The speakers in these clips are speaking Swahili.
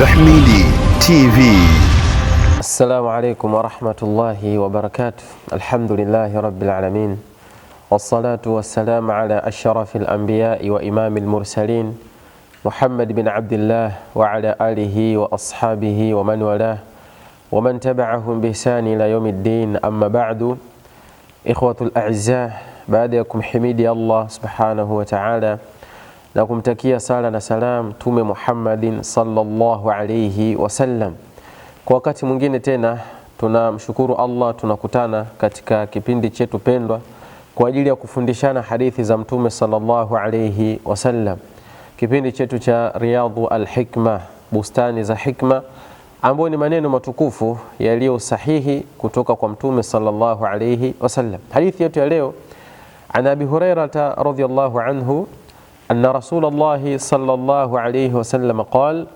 الزحميلي تي في السلام عليكم ورحمة الله وبركاته الحمد لله رب العالمين والصلاة والسلام على أشرف الأنبياء وإمام المرسلين محمد بن عبد الله وعلى آله وأصحابه ومن والاه ومن تبعهم بإحسان إلى يوم الدين أما بعد إخوة الأعزاء بعدكم حميدي الله سبحانه وتعالى na kumtakia sala na salam Mtume Muhammadin sallallahu alayhi wasallam. Kwa wakati mwingine tena tunamshukuru Allah, tunakutana katika kipindi chetu pendwa kwa ajili ya kufundishana hadithi za Mtume sallallahu alayhi wasallam, kipindi chetu cha Riyadhu al-Hikma, bustani za hikma, ambayo ni maneno matukufu yaliyo sahihi kutoka kwa Mtume sallallahu alayhi wasallam. Hadithi yetu ya leo, an Abi Hurairata radhiyallahu anhu anna Rasulullahi sallallahu alayhi wasallam qala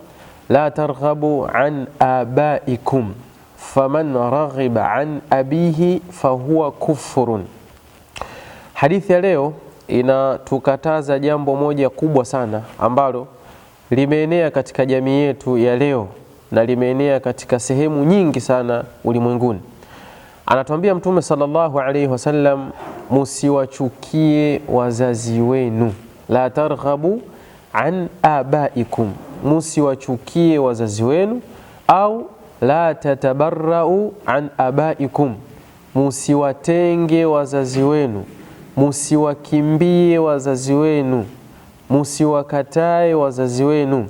la targhabu an abaikum faman raghiba an abihi fahuwa kufurun. Hadithi ya leo inatukataza jambo moja kubwa sana ambalo limeenea katika jamii yetu ya leo na limeenea katika sehemu nyingi sana ulimwenguni. Anatuambia Mtume sallallahu alaihi wasallam, musiwachukie wazazi wenu la targhabu an abaikum, musiwachukie wazazi wenu, au la tatabarrau an abaikum, musiwatenge wazazi wenu, musiwakimbie wazazi wenu, musiwakatae wazazi wenu.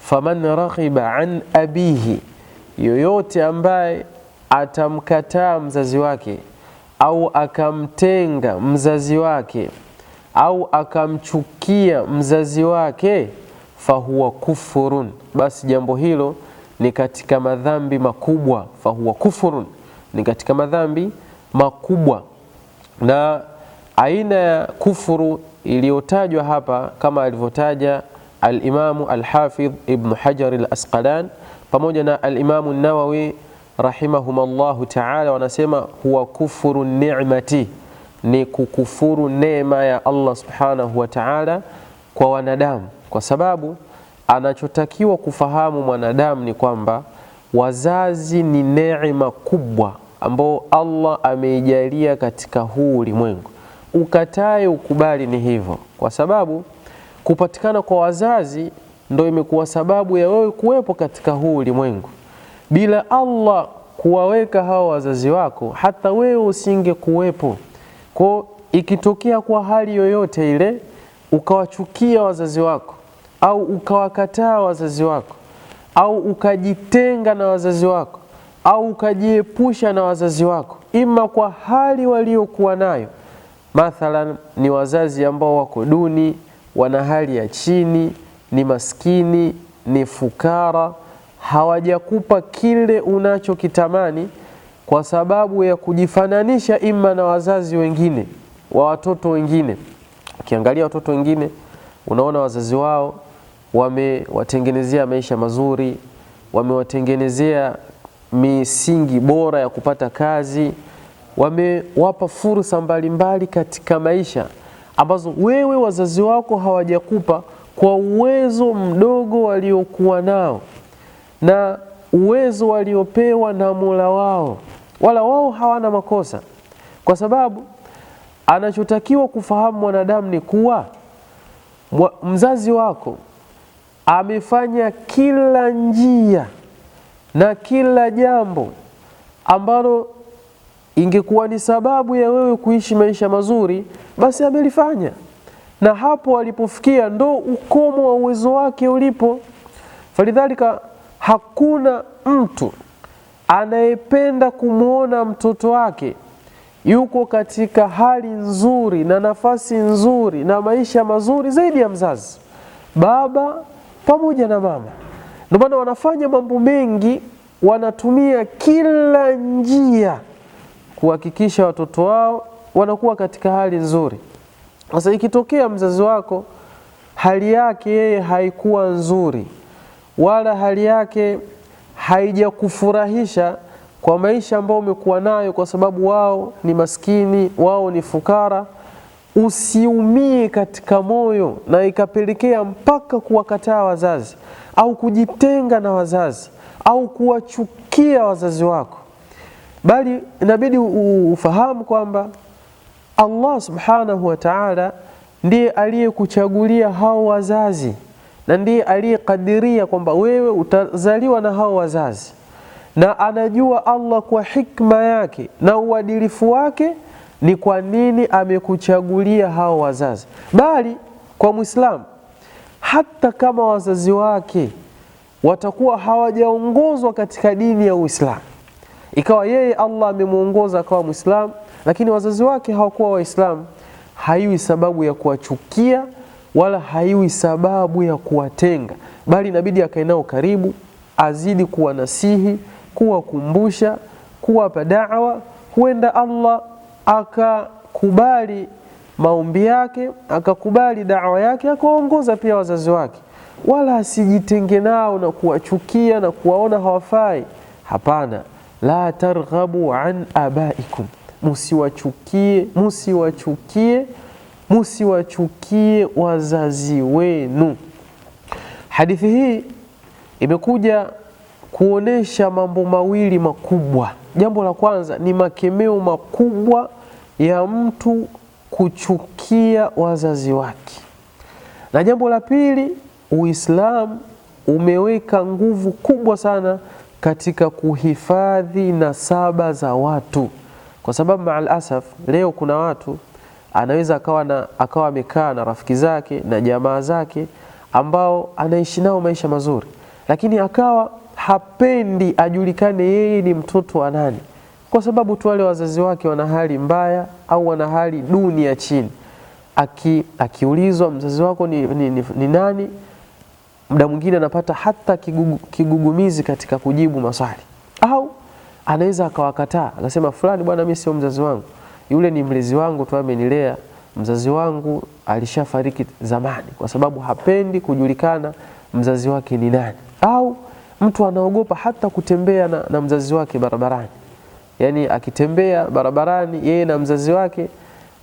Faman raghiba an abihi, yoyote ambaye atamkataa mzazi wake au akamtenga mzazi wake au akamchukia mzazi wake, fahuwa kufurun, basi jambo hilo ni katika madhambi makubwa. Fahuwa kufurun, ni katika madhambi makubwa. Na aina ya kufuru iliyotajwa hapa kama alivyotaja Alimamu Alhafidh Ibnu Hajar Alasqalani pamoja na Alimamu Nawawi rahimahumullahu taala, wanasema huwa kufuru ni'mati ni kukufuru neema ya Allah subhanahu wa ta'ala kwa wanadamu, kwa sababu anachotakiwa kufahamu mwanadamu ni kwamba wazazi ni neema kubwa ambao Allah ameijalia katika huu ulimwengu. Ukatae ukubali, ni hivyo, kwa sababu kupatikana kwa wazazi ndo imekuwa sababu ya wewe kuwepo katika huu ulimwengu. Bila Allah kuwaweka hawa wazazi wako, hata wewe usinge kuwepo. Kwa ikitokea kwa hali yoyote ile ukawachukia wazazi wako au ukawakataa wazazi wako au ukajitenga na wazazi wako au ukajiepusha na wazazi wako, ima kwa hali waliokuwa nayo, mathalan ni wazazi ambao wako duni, wana hali ya chini, ni maskini, ni fukara, hawajakupa kile unachokitamani kwa sababu ya kujifananisha imma na wazazi wengine wa watoto wengine. Ukiangalia watoto wengine unaona wazazi wao wamewatengenezea maisha mazuri, wamewatengenezea misingi bora ya kupata kazi, wamewapa fursa mbalimbali katika maisha ambazo wewe wazazi wako hawajakupa kwa uwezo mdogo waliokuwa nao na uwezo waliopewa na Mola wao wala wao hawana makosa, kwa sababu anachotakiwa kufahamu mwanadamu ni kuwa mzazi wako amefanya kila njia na kila jambo ambalo ingekuwa ni sababu ya wewe kuishi maisha mazuri, basi amelifanya, na hapo alipofikia ndo ukomo wa uwezo wake ulipo. Falidhalika, hakuna mtu anayependa kumwona mtoto wake yuko katika hali nzuri na nafasi nzuri na maisha mazuri zaidi ya mzazi, baba pamoja na mama. Ndio maana wanafanya mambo mengi, wanatumia kila njia kuhakikisha watoto wao wanakuwa katika hali nzuri. Sasa ikitokea mzazi wako hali yake yeye haikuwa nzuri, wala hali yake haijakufurahisha kwa maisha ambayo umekuwa nayo, kwa sababu wao ni maskini, wao ni fukara, usiumie katika moyo na ikapelekea mpaka kuwakataa wazazi au kujitenga na wazazi au kuwachukia wazazi wako, bali inabidi ufahamu kwamba Allah subhanahu wa ta'ala ndiye aliyekuchagulia hao wazazi na ndiye aliyekadiria kwamba wewe utazaliwa na hao wazazi, na anajua Allah kwa hikma yake na uadilifu wake ni kwa nini amekuchagulia hao wazazi. Bali kwa Mwislamu, hata kama wazazi wake watakuwa hawajaongozwa katika dini ya Uislamu, ikawa yeye Allah amemwongoza akawa Mwislamu, lakini wazazi wake hawakuwa Waislamu, haiwi sababu ya kuwachukia wala haiwi sababu ya kuwatenga, bali inabidi akae nao karibu, azidi kuwanasihi, kuwakumbusha, kuwapa da'wa. Huenda Allah akakubali maombi yake, akakubali da'wa yake, akawaongoza pia wazazi wake, wala asijitenge nao na kuwachukia na kuwaona hawafai. Hapana, la targhabu an abaikum, musiwachukie, musiwachukie musiwachukie wazazi wenu. Hadithi hii imekuja kuonesha mambo mawili makubwa. Jambo la kwanza ni makemeo makubwa ya mtu kuchukia wazazi wake, na jambo la pili, Uislamu umeweka nguvu kubwa sana katika kuhifadhi nasaba za watu, kwa sababu maalasaf leo kuna watu anaweza akawa na akawa amekaa na rafiki zake na jamaa zake ambao anaishi nao maisha mazuri, lakini akawa hapendi ajulikane yeye ni mtoto wa nani, kwa sababu tu wale wazazi wake wana hali mbaya au wana hali duni ya chini. Aki, akiulizwa mzazi wako ni, ni, ni, ni nani, muda mwingine anapata hata kigugu, kigugumizi katika kujibu maswali, au anaweza akawakataa, akasema fulani, bwana, mimi sio mzazi wangu yule ni mlezi wangu tu amenilea. Mzazi wangu alishafariki zamani, kwa sababu hapendi kujulikana mzazi wake ni nani, au mtu anaogopa hata kutembea na, na mzazi wake barabarani. Yani akitembea barabarani yeye na mzazi wake,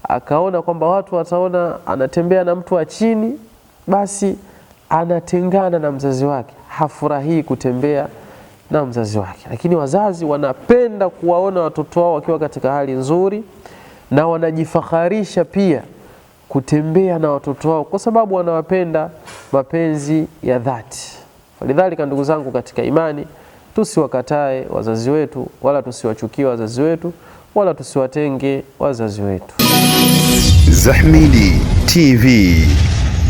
akaona kwamba watu wataona anatembea na mtu wa chini, basi anatengana na mzazi wake, hafurahii kutembea na mzazi wake. Lakini wazazi wanapenda kuwaona watoto wao wakiwa katika hali nzuri na wanajifaharisha pia kutembea na watoto wao kwa sababu wanawapenda mapenzi ya dhati. Falidhalika, ndugu zangu katika imani, tusiwakatae wazazi wetu wala tusiwachukie wazazi wetu wala tusiwatenge wazazi wetu. Zahmidi TV